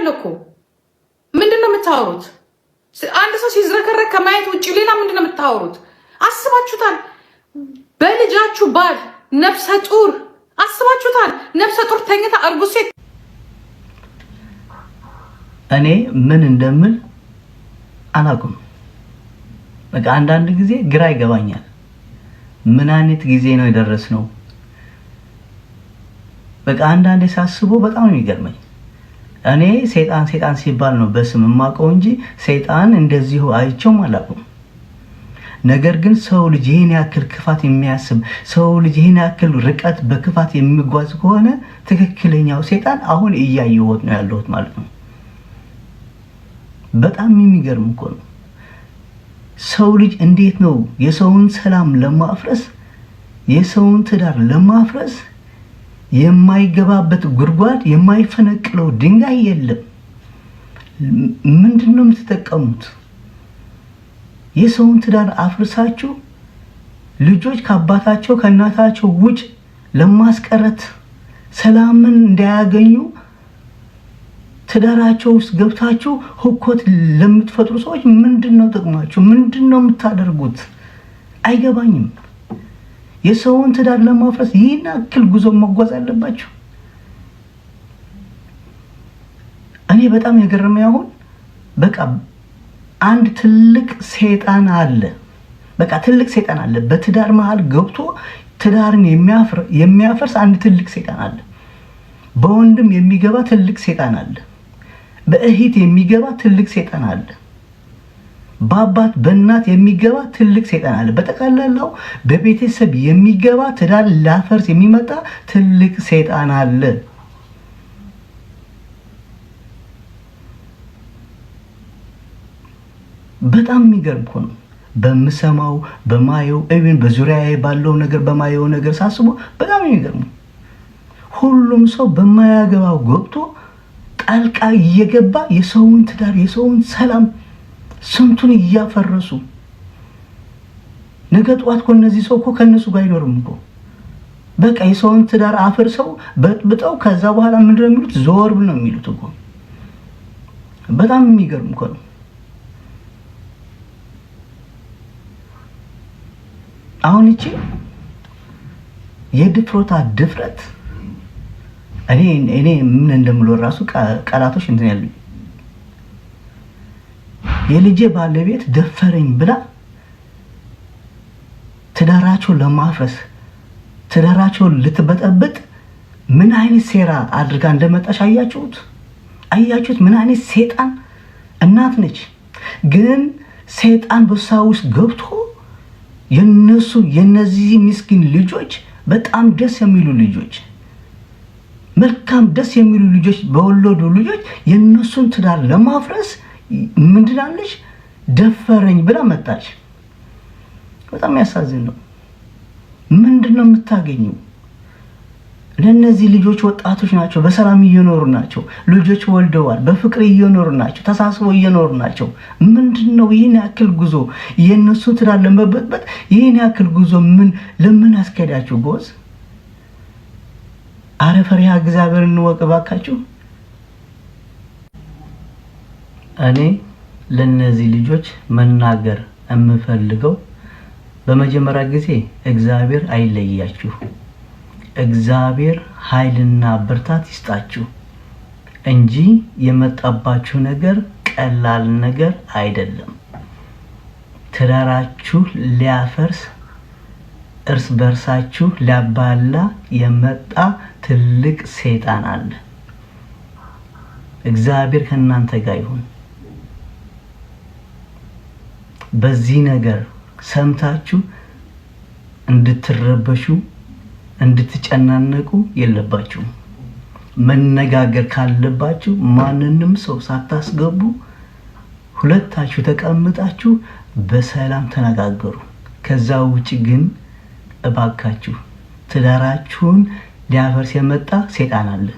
አውርቻለሁ እኮ። ምንድን ነው የምታወሩት? አንድ ሰው ሲዝረከረክ ከማየት ውጭ ሌላ ምንድን ነው የምታወሩት? አስባችሁታል? በልጃችሁ ባል ነፍሰ ጡር አስባችሁታል? ነፍሰ ጡር ተኝታ እርጉዝ ሴት እኔ ምን እንደምል አላውቅም። በቃ አንዳንድ ጊዜ ግራ ይገባኛል። ምን አይነት ጊዜ ነው የደረስነው? በቃ አንዳንዴ ሳስቦ በጣም ነው የሚገርመኝ። እኔ ሰይጣን ሰይጣን ሲባል ነው በስም የማውቀው እንጂ ሰይጣን እንደዚሁ አይቼው አላውቅም። ነገር ግን ሰው ልጅ ይህን ያክል ክፋት የሚያስብ ሰው ልጅ ይህን ያክል ርቀት በክፋት የሚጓዝ ከሆነ ትክክለኛው ሰይጣን አሁን እያየሁት ነው ያለሁት ማለት ነው። በጣም የሚገርም እኮ ነው። ሰው ልጅ እንዴት ነው የሰውን ሰላም ለማፍረስ የሰውን ትዳር ለማፍረስ የማይገባበት ጉድጓድ የማይፈነቅለው ድንጋይ የለም። ምንድን ነው የምትጠቀሙት? የሰውን ትዳር አፍርሳችሁ ልጆች ከአባታቸው ከእናታቸው ውጭ ለማስቀረት ሰላምን እንዳያገኙ ትዳራቸው ውስጥ ገብታችሁ ሁከት ለምትፈጥሩ ሰዎች ምንድን ነው ጥቅማችሁ? ምንድን ነው የምታደርጉት? አይገባኝም። የሰውን ትዳር ለማፍረስ ይህን አክል ጉዞ መጓዝ አለባቸው? እኔ በጣም የገረመኝ አሁን በቃ አንድ ትልቅ ሰይጣን አለ፣ በቃ ትልቅ ሰይጣን አለ በትዳር መሀል ገብቶ ትዳርን የሚያፈርስ አንድ ትልቅ ሰይጣን አለ። በወንድም የሚገባ ትልቅ ሰይጣን አለ። በእህት የሚገባ ትልቅ ሰይጣን አለ። በአባት በእናት የሚገባ ትልቅ ሰይጣን አለ። በጠቃላላው በቤተሰብ የሚገባ ትዳር ላፈርስ የሚመጣ ትልቅ ሰይጣን አለ። በጣም የሚገርም እኮ ነው። በምሰማው በማየው ኢቭን በዙሪያ ባለው ነገር በማየው ነገር ሳስቦ በጣም የሚገርም ሁሉም ሰው በማያገባው ገብቶ ጣልቃ እየገባ የሰውን ትዳር የሰውን ሰላም ስንቱን እያፈረሱ ነገ ጠዋት እኮ እነዚህ ሰው እኮ ከእነሱ ጋር አይኖርም እኮ በቃ የሰውን ትዳር አፍርሰው በጥብጠው ከዛ በኋላ ምንድን ነው የሚሉት? ዞር ብለው ነው የሚሉት እኮ በጣም የሚገርም እኮ ነው። አሁን እቺ የድፍሮታ ድፍረት እኔ እኔ ምን እንደምለው ራሱ ቃላቶች እንትን ያሉኝ የልጄ ባለቤት ደፈረኝ ብላ ትዳራቸው ለማፍረስ ትዳራቸው ልትበጠብጥ ምን አይነት ሴራ አድርጋ እንደመጣች አያችሁት? አያችሁት? ምን አይነት ሴጣን እናት ነች። ግን ሴጣን በሷ ውስጥ ገብቶ የነሱ የነዚህ ምስኪን ልጆች በጣም ደስ የሚሉ ልጆች፣ መልካም ደስ የሚሉ ልጆች በወለዱ ልጆች የነሱን ትዳር ለማፍረስ ምንድናለሽ ደፈረኝ ብላ መጣች። በጣም ያሳዝን ነው። ምንድን ነው የምታገኘው? ለእነዚህ ልጆች ወጣቶች ናቸው፣ በሰላም እየኖሩ ናቸው። ልጆች ወልደዋል፣ በፍቅር እየኖሩ ናቸው፣ ተሳስበው እየኖሩ ናቸው። ምንድን ነው ይህን ያክል ጉዞ የእነሱ ትዳር ለመበጥበጥ ይህን ያክል ጉዞ ምን ለምን አስኬዳችሁ? ጎዝ አረፈሪያ እግዚአብሔር እንወቅ ባካችሁ። እኔ ለእነዚህ ልጆች መናገር የምፈልገው በመጀመሪያ ጊዜ እግዚአብሔር አይለያችሁ፣ እግዚአብሔር ኃይልና ብርታት ይስጣችሁ እንጂ የመጣባችሁ ነገር ቀላል ነገር አይደለም። ትዳራችሁ ሊያፈርስ እርስ በርሳችሁ ሊያባላ የመጣ ትልቅ ሰይጣን አለ። እግዚአብሔር ከእናንተ ጋር ይሁን። በዚህ ነገር ሰምታችሁ እንድትረበሹ እንድትጨናነቁ የለባችሁ። መነጋገር ካለባችሁ ማንንም ሰው ሳታስገቡ ሁለታችሁ ተቀምጣችሁ በሰላም ተነጋገሩ። ከዛ ውጭ ግን እባካችሁ ትዳራችሁን ሊያፈርስ የመጣ ሴጣን አለ።